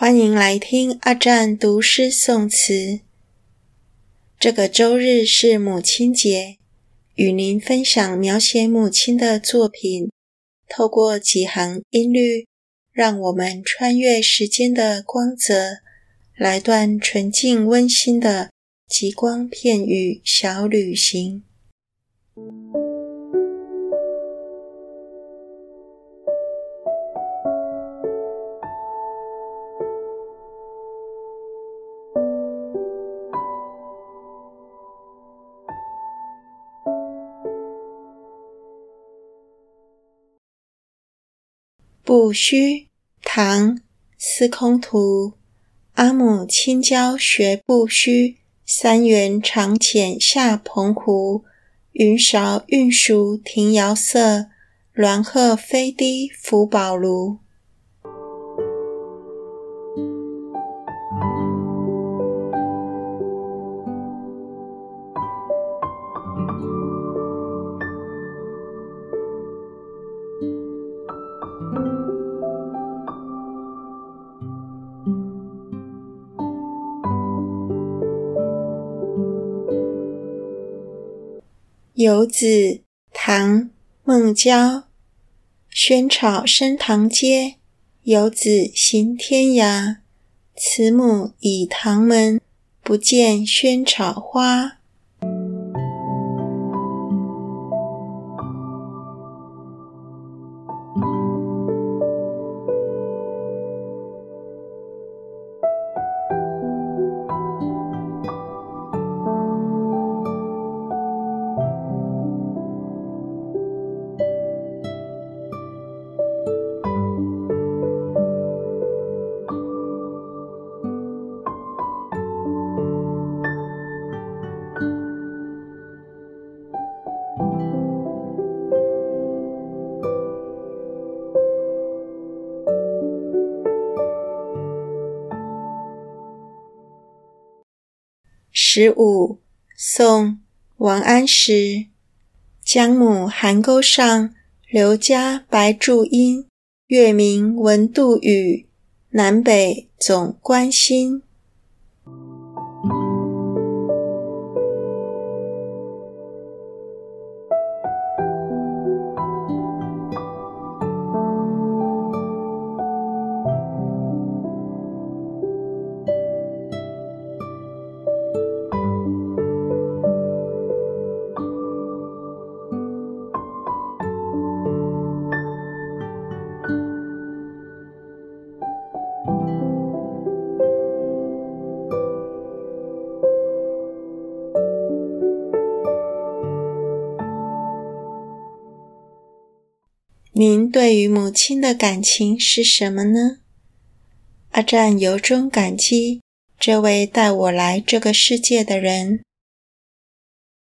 歡迎來聽阿戰讀詩誦詞。這個周日是母親節，與您分享描寫母親的作品。透過幾行音律，讓我們穿越時間的光澤，來段純淨溫馨的極光片語小旅行。步虛，唐，司空圖。阿母親教學步虛，三元長遣下蓬壺，雲韶韻俗停瑤瑟，鸞鶴飛低拂寶爐。《游子》唐·孟郊，萱草生堂階，游子行天涯。慈母倚堂門，不見萱草花。《十五》，宋·王安石。將母邗溝上，留家白紵陰。月明聞杜宇，南北總關心。您對於母親的感情是什麼呢？阿占由衷感激這位帶我來這個世界的人。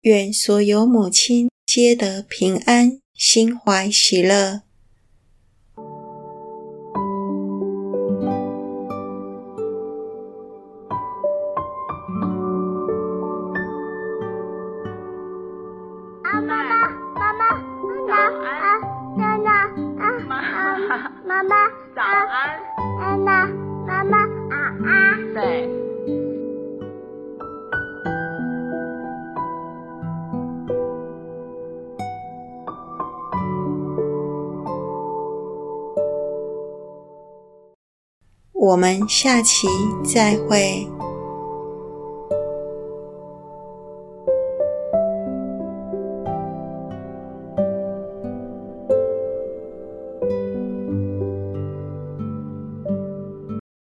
願所有母親皆得平安，心懷喜樂。媽媽，早安，安娜！媽媽，媽、啊、媽，早、啊、安！對，我們下期再會。